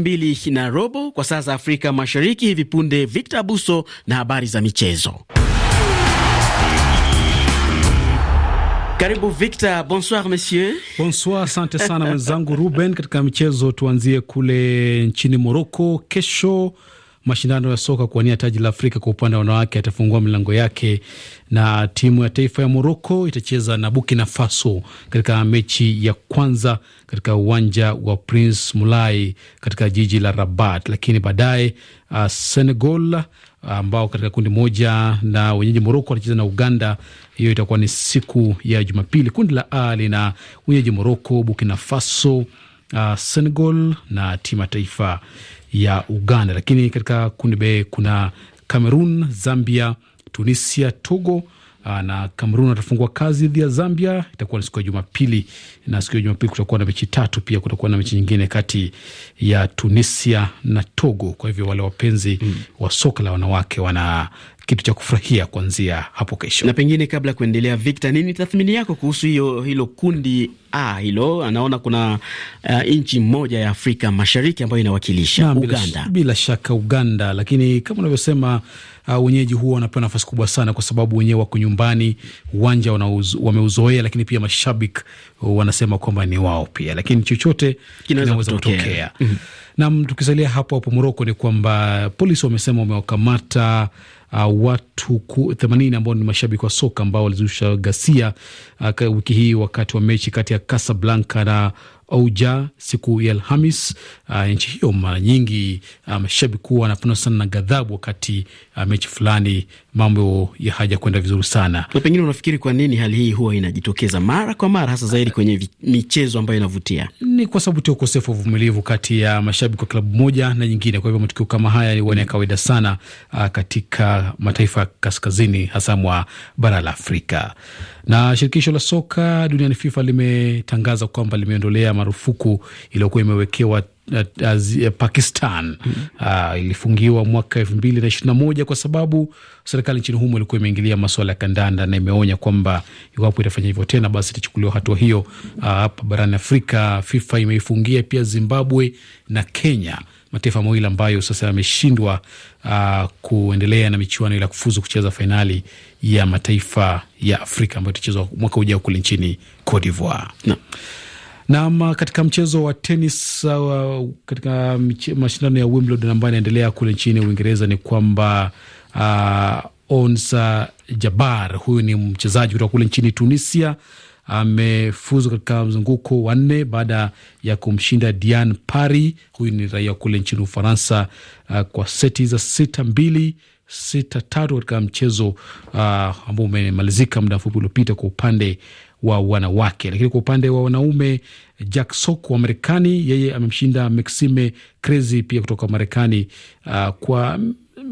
mbili na robo kwa saa za Afrika Mashariki. Hivi punde Victor Buso na habari za michezo. Karibu Victor. Bonsoir monsieur. Bonsoir, asante sana mwenzangu Ruben. Katika michezo tuanzie kule nchini Moroko. Kesho mashindano ya soka kuwania taji la Afrika kwa upande wa wanawake yatafungua milango yake na timu ya taifa ya Moroko itacheza na Burkina Faso katika mechi ya kwanza katika uwanja wa Prince Mulai katika jiji la Rabat, lakini baadaye uh, Senegal uh, ambao katika kundi moja na wenyeji Moroko wanacheza na Uganda. Hiyo itakuwa ni siku ya Jumapili. Kundi la A lina wenyeji Moroko, Burkina Faso, uh, Senegal na timu ya taifa ya Uganda. Lakini katika kundi B kuna Cameroon, Zambia, Tunisia, Togo ah, na cameroon atafungua kazi dhidi ya Zambia. Itakuwa ni siku ya Jumapili, na siku ya Jumapili kutakuwa na mechi tatu. Pia kutakuwa na mechi nyingine kati ya Tunisia na Togo. Kwa hivyo wale wapenzi mm. wa soka la wanawake wana kitu cha kufurahia kuanzia hapo kesho. Na pengine kabla ya kuendelea, Victor, nini tathmini yako kuhusu hiyo hilo kundi A hilo? Anaona kuna uh, eh, nchi moja ya Afrika Mashariki ambayo inawakilisha Uganda. Bila shaka Uganda, lakini kama unavyosema uh, wenyeji huwa wanapewa nafasi kubwa sana kwa sababu wenyewe wako nyumbani, uwanja wameuzoea, lakini pia mashabiki wanasema kwamba ni wao pia, lakini chochote kinaweza kutokea. Mhm. Nam, tukisalia hapo hapo Moroko, ni kwamba polisi wamesema wamewakamata uh, watu 80 ambao ni mashabiki wa soka ambao walizusha ghasia uh, wiki hii wakati wa mechi kati ya Casablanca na Ouja siku ya Alhamis. Uh, nchi hiyo mara nyingi uh, mashabiki huwa wanapendwa sana na ghadhabu wakati uh, mechi fulani mambo ya haja kwenda vizuri sana. Na pengine unafikiri kwa nini hali hii huwa inajitokeza mara kwa mara, hasa zaidi kwenye michezo ambayo inavutia? Ni kwa sababu tu ya ukosefu wa uvumilivu kati ya mashabiki wa klabu moja na nyingine. Kwa hivyo matukio kama haya huwa ni ya kawaida sana a, ah, katika mataifa ya kaskazini hasa mwa bara la Afrika. Na shirikisho la soka duniani FIFA limetangaza kwamba limeondolea marufuku iliyokuwa imewekewa Pakistan uh, ilifungiwa mwaka elfu mbili na ishirini na moja kwa sababu serikali nchini humo ilikuwa imeingilia masuala ya kandanda na imeonya kwamba iwapo itafanya hivyo tena basi itachukuliwa hatua hiyo. Ah, hapa uh, barani Afrika, FIFA imeifungia pia Zimbabwe na Kenya, mataifa mawili ambayo sasa yameshindwa uh, kuendelea na michuano ila kufuzu kucheza fainali ya mataifa ya Afrika ambayo itachezwa mwaka ujao kule nchini Cote d'Ivoire. Nam, uh, katika mchezo wa tenis uh, uh katika mashindano ya Wimbledon ambayo yanaendelea kule nchini Uingereza ni kwamba uh, Onsa Jabar huyu ni mchezaji kutoka kule nchini Tunisia amefuzu katika mzunguko wa nne baada ya kumshinda dian pari huyu ni raia kule nchini Ufaransa uh, kwa seti za sita mbili sita tatu katika mchezo uh, ambao umemalizika muda mfupi uliopita kwa upande wa wanawake. Lakini kwa upande wa wanaume, Jack Sock wa Marekani yeye amemshinda Maxime Cressy pia kutoka Marekani uh, kwa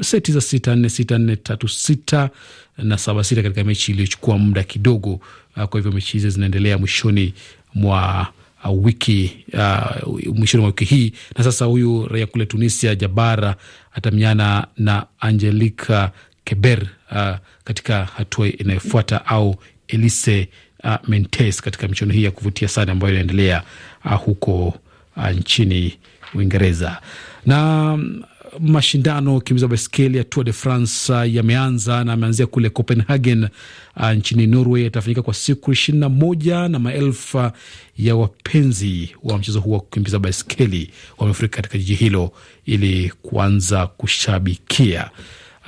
seti za sita nne sita nne tatu sita na saba sita katika mechi iliyochukua muda kidogo. Uh, kwa hivyo mechi hizi zinaendelea mwishoni mwa Uh, wiki uh, mwishoni mwa wiki hii. Na sasa huyu raia kule Tunisia Jabara atamiana na angelika Keber uh, katika hatua inayofuata au Elise uh, Mentes katika michuano hii ya kuvutia sana ambayo inaendelea uh, huko uh, nchini Uingereza na mm, mashindano kimbiza baiskeli ya Tour de France yameanza na ameanzia kule Copenhagen uh, nchini Norway. Yatafanyika kwa siku ishirini na moja na maelfu ya wapenzi wa mchezo huo wa kukimbiza baiskeli wamefurika katika jiji hilo ili kuanza kushabikia.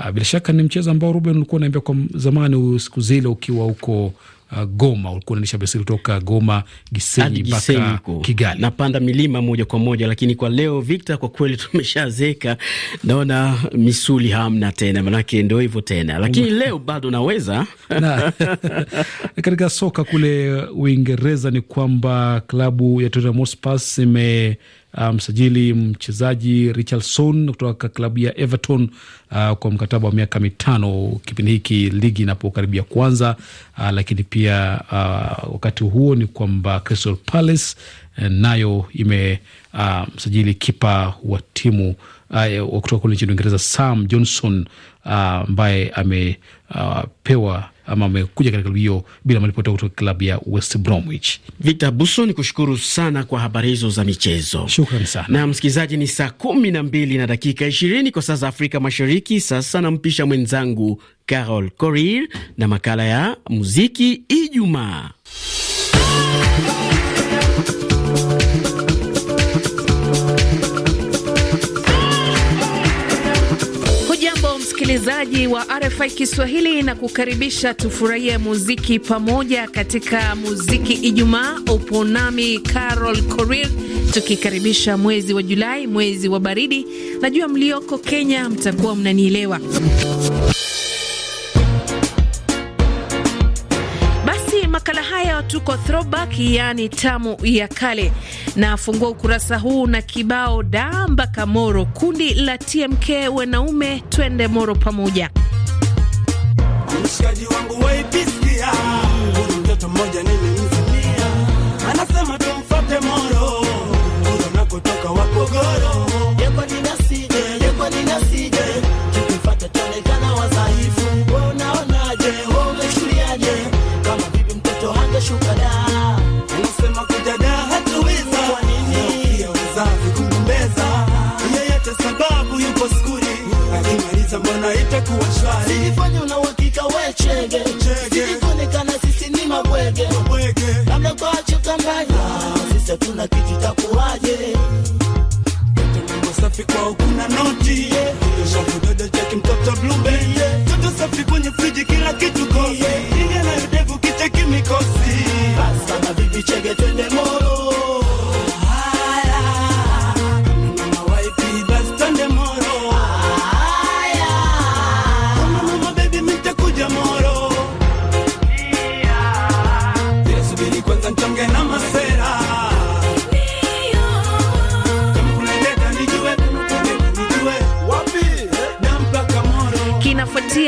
Uh, bila shaka ni mchezo ambao Ruben ulikuwa unaambia kwa zamani siku zile ukiwa huko uh, Goma. Ulikuwa unaendesha baiskeli kutoka Goma Gisenyi mpaka Kigali. Napanda milima moja kwa moja, lakini kwa leo Victor, kwa kweli tumeshazeka, naona misuli hamna tena, manake ndo hivyo tena, lakini leo bado naweza na, katika soka kule Uingereza ni kwamba klabu ya Tottenham Hotspur ime Uh, msajili um, mchezaji richardson kutoka klabu ya Everton uh, kwa mkataba wa miaka mitano kipindi hiki ligi inapokaribia kuanza. Uh, lakini pia uh, wakati huo ni kwamba Crystal Palace uh, nayo imemsajili uh, kipa wa timu uh, kutoka kule nchini Uingereza Sam Johnson uh, ambaye uh, amepewa uh, ama amekuja katika klabu hiyo bila malipo kutoka klabu ya West Bromwich. Victor Buso, ni kushukuru sana kwa habari hizo za michezo. Shukran sana. Na msikilizaji, ni saa kumi na mbili na dakika ishirini kwa saa za Afrika Mashariki. Sasa nampisha mwenzangu Carol Corir na makala ya muziki Ijumaa. msikilizaji wa RFI Kiswahili na kukaribisha tufurahie muziki pamoja katika muziki Ijumaa. Upo nami Carol Korir, tukikaribisha mwezi wa Julai, mwezi wa baridi. Najua mlioko Kenya mtakuwa mnanielewa makala haya tuko throwback, yaani tamu ya kale. Nafungua ukurasa huu na kibao damba Kamoro, kundi la TMK, wanaume twende Moro pamoja, mshikaji wangu hakuna kitu takuwaje safi kwa ukuna noti yeah. Shafu dodo cheki mtoto blube yeah. Toto safi kwenye friji kila kitu kofi yeah.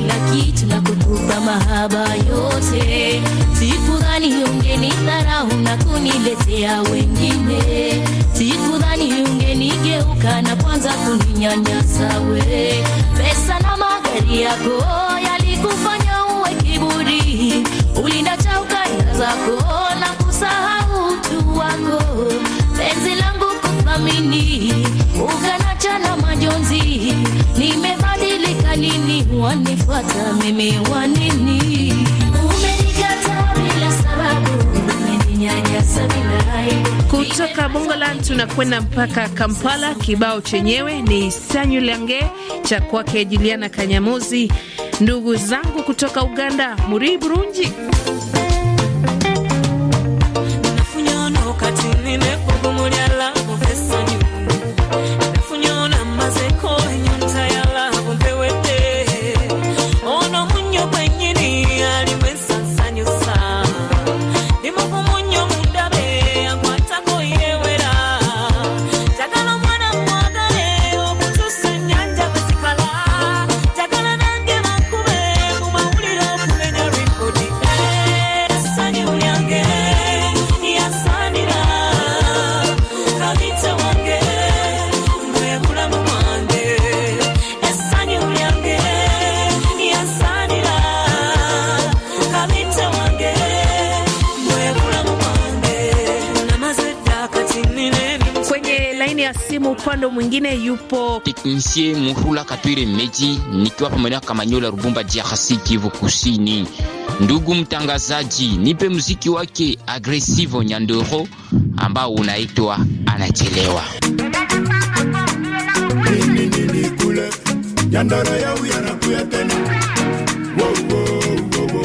kila kitu na kukupa mahaba yote. Sikudhani ungenidharau na kuniletea wengine, sikudhani geuka na kwanza kuninyanyasa we. Pesa na magari yako yalikufanya uwe kiburi, ulinacha ukanda zako na kusahau utu wako. Penzi langu kuthamini nini? bila sababu, umeninyanyasa bila aibu. Kutoka Bongoland tunakwenda mpaka Kampala. Kibao chenyewe ni Sanyulange cha kwake Juliana Kanyamuzi. Ndugu zangu kutoka Uganda muri Burunji upande mwingine yupo teknisie Muhula Katwire Meji, nikiwa pamoja na Kamanyola Rubumba Diarasi, Kivu Kusini. Ndugu mtangazaji, nipe muziki wake agresivo Nyandoro ambao unaitwa anachelewa Nyandoro ya tena wow, wow, wow, wow.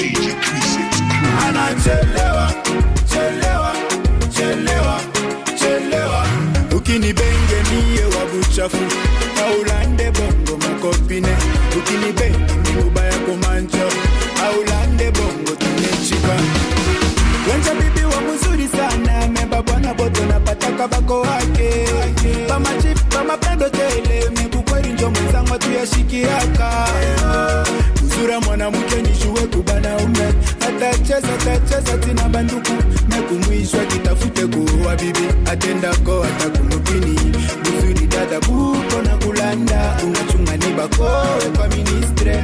kabako wake pamachip pamapendo tele mibu kweli njo mwenzangu atuyashikiaka uzura mwanamke nijue kubanaume atacheza atacheza tina banduku mekumwishwa kitafute kuoa bibi atendako atakunukini buzuri dada buko na kulanda unachungani bakowe kwa ministre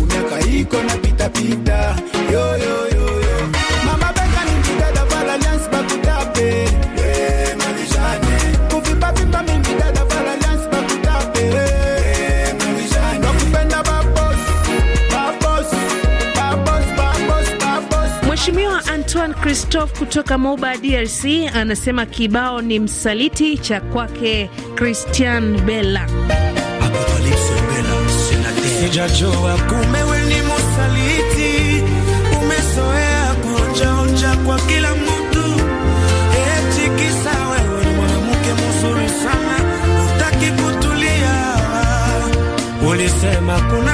miaka iko na pitapita Christoph kutoka Moba, DRC, anasema kibao ni msaliti cha kwake Christian Bella. Sijajua kumbe ni msaliti, kwa kila mtu, eti kisa wewe mwanamke mzuri sana, utaki kutulia, ulisema kuna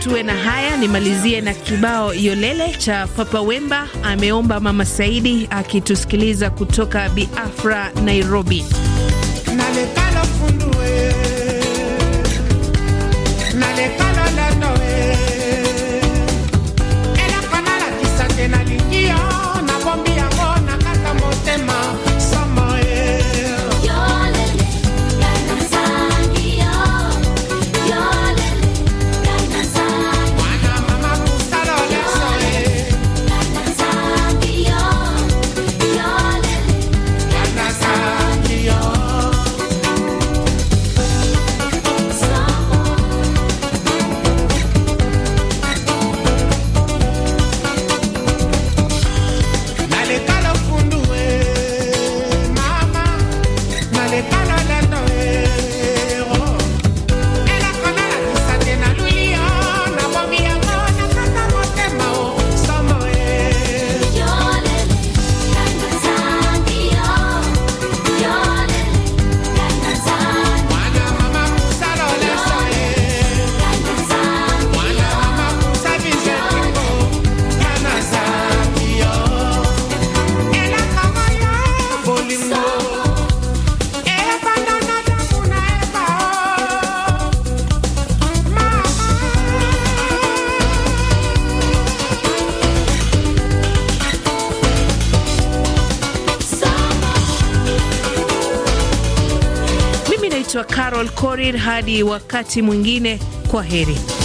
tuwe na haya. Nimalizie na kibao Yolele cha Papa Wemba, ameomba Mama Saidi akitusikiliza kutoka Biafra, Nairobi. Nalekala Korir. Hadi wakati mwingine, kwa heri.